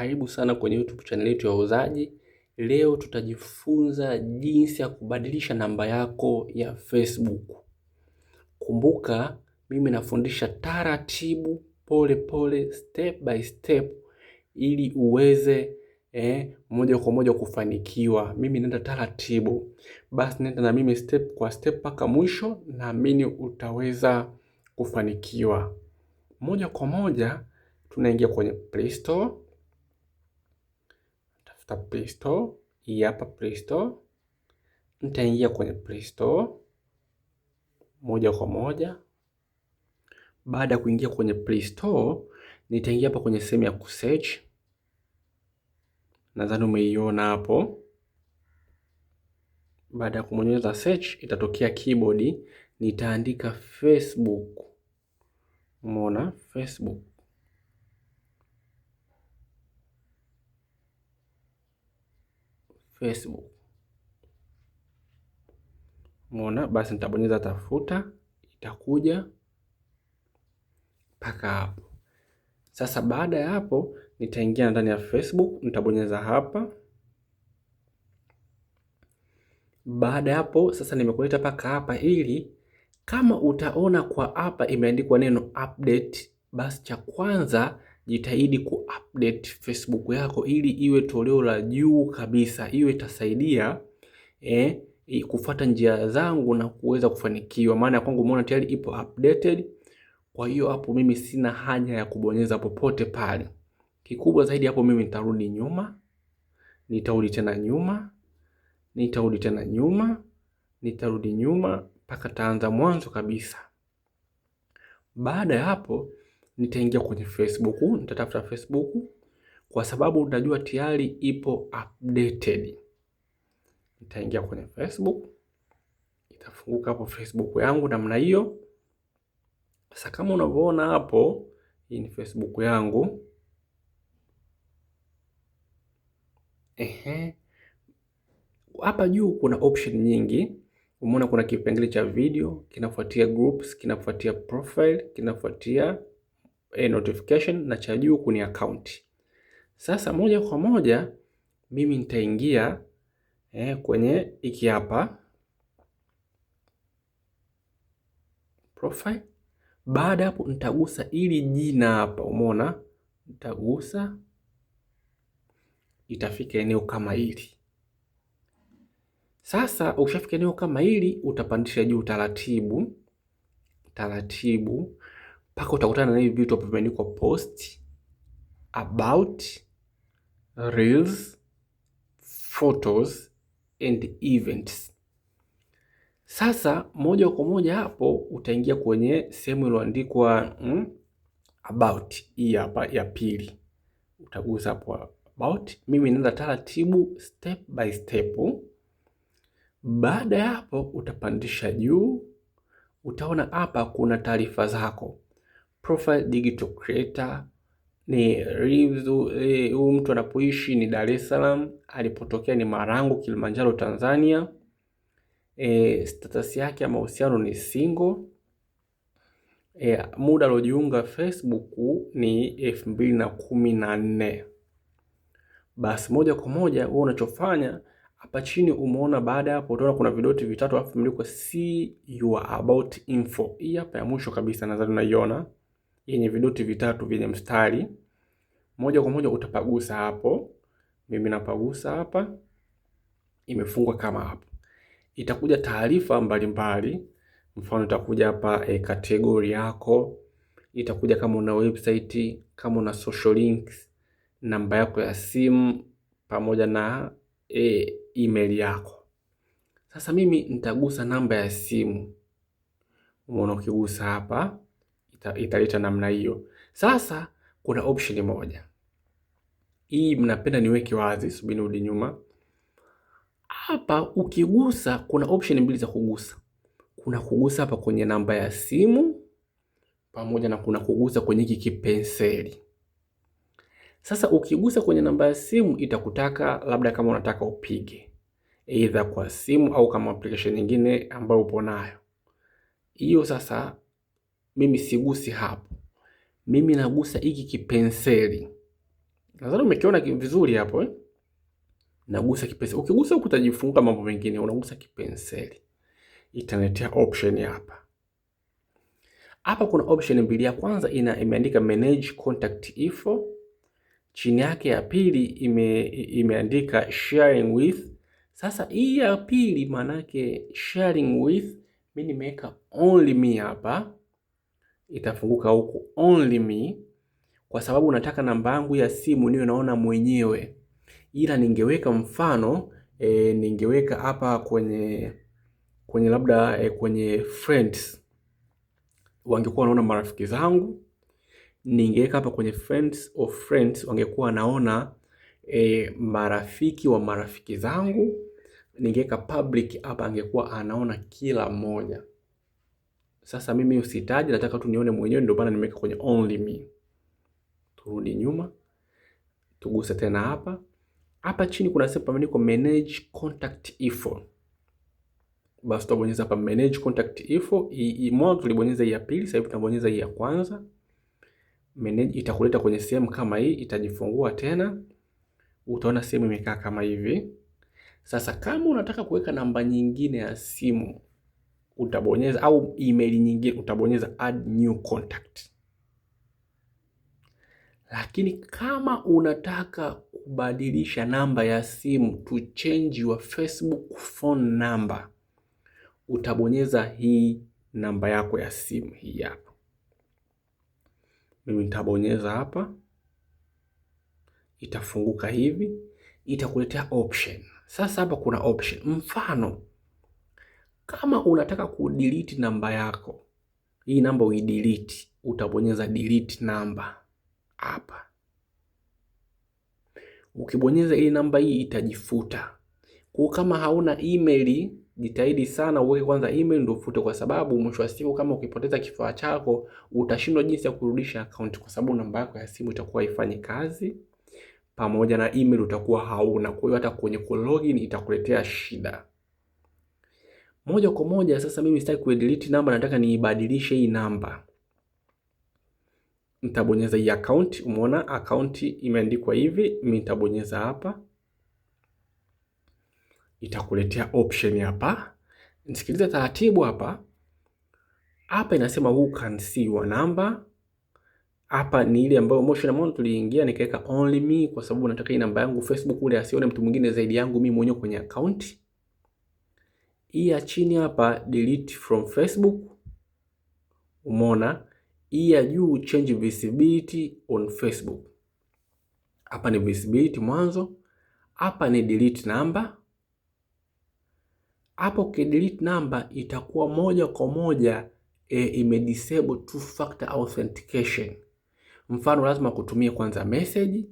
Karibu sana kwenye YouTube channel yetu ya Wauzaji. Leo tutajifunza jinsi ya kubadilisha namba yako ya Facebook. Kumbuka mimi nafundisha taratibu, pole pole, step by step, ili uweze eh, moja kwa moja kufanikiwa. Mimi naenda taratibu, basi nenda na mimi step kwa step mpaka mwisho, naamini utaweza kufanikiwa. Moja kwa moja tunaingia kwenye Play Store tafuta Play Store. Hii hapa Play Store, nitaingia kwenye Play Store moja kwa moja. Baada ya kuingia kwenye Play Store, nitaingia hapa kwenye sehemu ya kusearch, nadhani umeiona hapo. Baada ya kumonyeza search, itatokea keyboard, nitaandika Facebook. Umeona Facebook Facebook. Umeona, basi nitabonyeza tafuta, itakuja mpaka hapo. Sasa baada ya hapo, nitaingia ndani ya Facebook, nitabonyeza hapa. Baada ya hapo sasa, nimekuleta mpaka hapa, ili kama utaona kwa hapa imeandikwa neno update, basi cha kwanza jitahidi kuupdate Facebook yako ili iwe toleo la juu kabisa. Iwe itasaidia eh, kufuata njia zangu na kuweza kufanikiwa, maana ya kwangu umeona tayari ipo updated. Kwa hiyo hapo mimi sina haja ya kubonyeza popote pale. Kikubwa zaidi hapo mimi nitarudi nyuma, nitarudi tena nyuma, nitarudi tena nyuma, nitarudi nyuma mpaka taanza mwanzo kabisa. Baada ya hapo nitaingia kwenye Facebook, nitatafuta Facebook kwa sababu najua tayari ipo updated. Nitaingia kwenye Facebook, itafunguka hapo Facebook yangu namna hiyo. Sasa kama unavyoona hapo, hii ni Facebook yangu. Ehe, hapa juu kuna option nyingi. Umeona kuna kipengele cha video, kinafuatia groups, kinafuatia profile, kinafuatia e, notification na cha juu kuni account. Sasa moja kwa moja mimi nitaingia e, kwenye iki hapa profile. Baada hapo nitagusa ili jina hapa, umeona, nitagusa itafika eneo kama hili. Sasa ukishafika eneo kama hili utapandisha juu taratibu taratibu, mpaka utakutana na hivi vitu ambavyo vimeandikwa post, about, reels, photos and events. Sasa moja kwa moja hapo utaingia kwenye sehemu iliyoandikwa mm, about hii hapa ya pili, utagusa hapo about. Mimi naenda taratibu step by step. Baada ya hapo utapandisha juu, utaona hapa kuna taarifa zako. Profile digital creator ni reviews eh, huyu mtu anapoishi ni Dar es Salaam, alipotokea ni Marangu, Kilimanjaro, Tanzania. E, status yake ya mahusiano ni single. E, muda aliojiunga Facebook ni elfu mbili na kumi na nne. Basi moja kwa moja wewe unachofanya hapa chini umeona, baada hapo utaona kuna vidoti vitatu alafu imeandikwa see your about info. Hii hapa ya mwisho kabisa nadhani unaiona yenye vidoti vitatu vyenye mstari, moja kwa moja utapagusa hapo. Mimi napagusa hapa, imefungwa kama hapo. Itakuja taarifa mbalimbali, mfano itakuja hapa e, kategori yako itakuja kama una website, kama una social links, namba yako ya simu pamoja na e, email yako. Sasa mimi nitagusa namba ya simu. Umeona, ukigusa hapa italeta namna hiyo. Sasa kuna option moja hii, mnapenda niweke wazi, subiri nyuma hapa. Ukigusa kuna option mbili za kugusa, kuna kugusa hapa kwenye namba ya simu pamoja na kuna kugusa kwenye hiki kipenseli. Sasa ukigusa kwenye namba ya simu itakutaka labda kama unataka upige either kwa simu au kama application nyingine ambayo upo nayo hiyo. Sasa mimi sigusi hapo, mimi nagusa hiki kipenseli. Nadhani umekiona vizuri hapo eh? Nagusa kipenseli. Ukigusa huku utajifunga mambo mengine, unagusa kipenseli italetea option hapa. Hapa kuna option mbili, ya kwanza ina imeandika manage contact info, chini yake ya pili ime, imeandika sharing with. Sasa hii ya pili maanake sharing with, mimi nimeweka only me hapa itafunguka huku only me, kwa sababu nataka namba yangu ya simu niwe naona mwenyewe, ila ningeweka mfano e, ningeweka hapa kwenye kwenye labda e, kwenye friends, wangekuwa wanaona marafiki zangu. Ningeweka hapa kwenye friends of friends, wangekuwa wanaona e, marafiki wa marafiki zangu. Ningeweka public hapa, angekuwa anaona kila mmoja. Sasa mimi usitaji, nataka tu nione mwenyewe, ndio maana nimeweka kwenye only me. Turudi nyuma, tuguse tena hapa hapa chini, kuna sehemu pameandikwa manage contact info. Basi tutabonyeza hapa manage contact info. Mwanzo tulibonyeza hii ya pili, sasa hivi tunabonyeza hii ya kwanza. Manage itakuleta kwenye sehemu kama hii, itajifungua tena, utaona sehemu imekaa kama hivi. Sasa kama unataka kuweka namba nyingine ya simu utabonyeza au email nyingine utabonyeza add new contact. Lakini kama unataka kubadilisha namba ya simu to change your Facebook phone number, utabonyeza hii namba yako ya simu hii hapa. Mimi nitabonyeza hapa, itafunguka hivi, itakuletea option. Sasa hapa kuna option, mfano kama unataka kudelete namba yako, hii namba uidelete, utabonyeza delete namba hapa. Ukibonyeza hii namba hii itajifuta. Kwa kama hauna email, jitahidi sana uweke kwanza email ndio ufute, kwa sababu mwisho wa siku kama ukipoteza kifaa chako utashindwa jinsi ya kurudisha account, kwa sababu namba yako ya simu itakuwa haifanyi kazi pamoja na email utakuwa hauna. Kwa hiyo hata kwenye kulogin itakuletea shida moja kwa moja. Sasa mimi sitaki kudelete namba, nataka niibadilishe hii namba. Nitabonyeza hii account. Umeona account imeandikwa hivi, mimi nitabonyeza hapa, itakuletea option hapa. Nisikilize taratibu hapa. Hapa inasema who can see your number. Hapa ni ile ambayo motion amount tuliingia, nikaweka only me kwa sababu nataka hii namba yangu Facebook ule asione mtu mwingine zaidi yangu mimi mwenyewe kwenye account hii ya chini hapa delete from Facebook, umeona. Hii ya juu change visibility on Facebook. Hapa ni visibility mwanzo, hapa ni delete number. Hapo delete number itakuwa moja kwa moja e, eh, disable two factor authentication. Mfano lazima kutumia kwanza message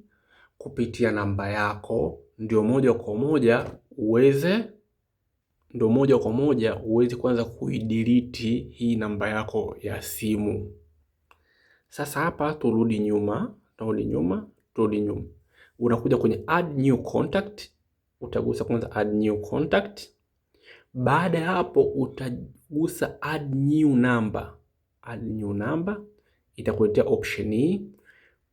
kupitia namba yako ndio moja kwa moja uweze ndo moja kwa moja huwezi kwanza kuidiliti hii namba yako ya simu. Sasa hapa turudi nyuma, turudi nyuma, turudi nyuma. Unakuja kwenye add new contact, utagusa kwanza add new contact. Baada ya hapo utagusa add new number, add new number itakuletea option hii,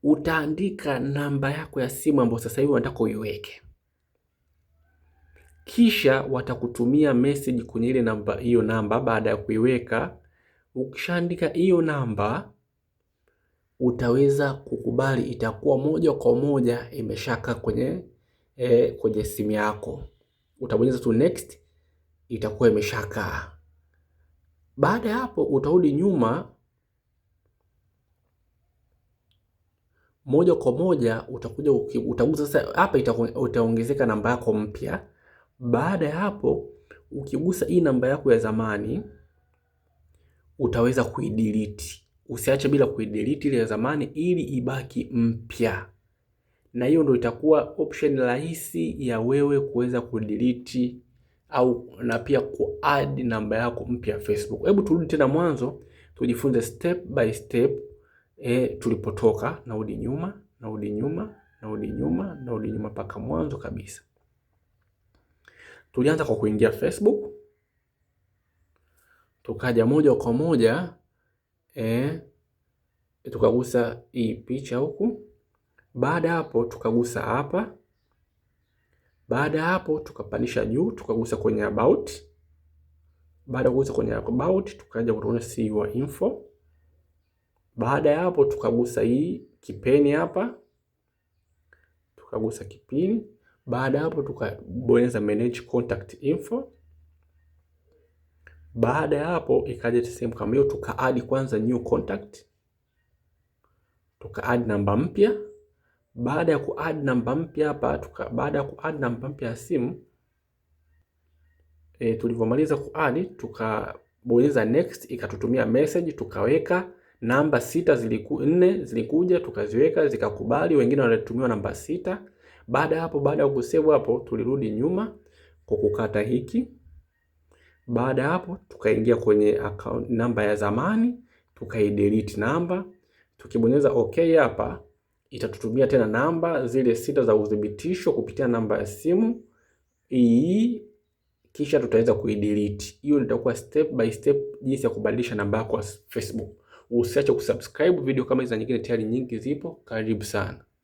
utaandika namba yako ya simu ambayo sasa hivi unataka uiweke kisha watakutumia message kwenye ile namba, hiyo namba baada ya kuiweka ukishaandika hiyo namba utaweza kukubali, itakuwa moja kwa moja imeshaka kwenye, e, kwenye simu yako. Utabonyeza tu next, itakuwa imeshaka. Baada ya hapo utarudi nyuma moja kwa moja utakuja utagusa sasa, hapa itaongezeka namba yako mpya baada ya hapo, ukigusa hii namba yako ya zamani utaweza kuidelete. Usiache bila kuidelete ile ya zamani ili ibaki mpya, na hiyo ndio itakuwa option rahisi ya wewe kuweza kudelete au na pia kuadd namba yako mpya Facebook. Hebu turudi tena mwanzo tujifunze step by step e, tulipotoka. Narudi nyuma, narudi nyuma, narudi nyuma, narudi nyuma mpaka mwanzo kabisa. Tulianza kwa kuingia Facebook, tukaja moja kwa moja eh, tukagusa hii picha huku. Baada hapo tukagusa hapa. Baada hapo tukapandisha juu, tukagusa kwenye about. Baada kugusa kwenye about, tukaja kutuona see your info. Baada ya hapo tukagusa hii kipeni hapa, tukagusa kipini baada hapo tukabonyeza manage contact info. Baada ya hapo ikaja sehemu kama hiyo, tuka add kwanza new contact, tuka add namba mpya. Baada ya ku add namba mpya hapa tuka, baada ya ku add namba mpya ya simu e, tulivyomaliza ku add tukabonyeza next, ikatutumia message, tukaweka namba sita ziliku, nne zilikuja tukaziweka zikakubali, wengine walitumiwa namba sita. Baada hapo, baada ya kusevu hapo, tulirudi nyuma kwa kukata hiki. Baada hapo, tukaingia kwenye account namba ya zamani, tukai delete namba. Tukibonyeza okay hapa, itatutumia tena namba zile sita za udhibitisho kupitia namba ya simu hii, kisha tutaweza kuidelete. Hiyo Itakuwa step by step jinsi ya kubadilisha namba yako ya Facebook. Usiache kusubscribe video kama hizi nyingine, tayari nyingi zipo. Karibu sana.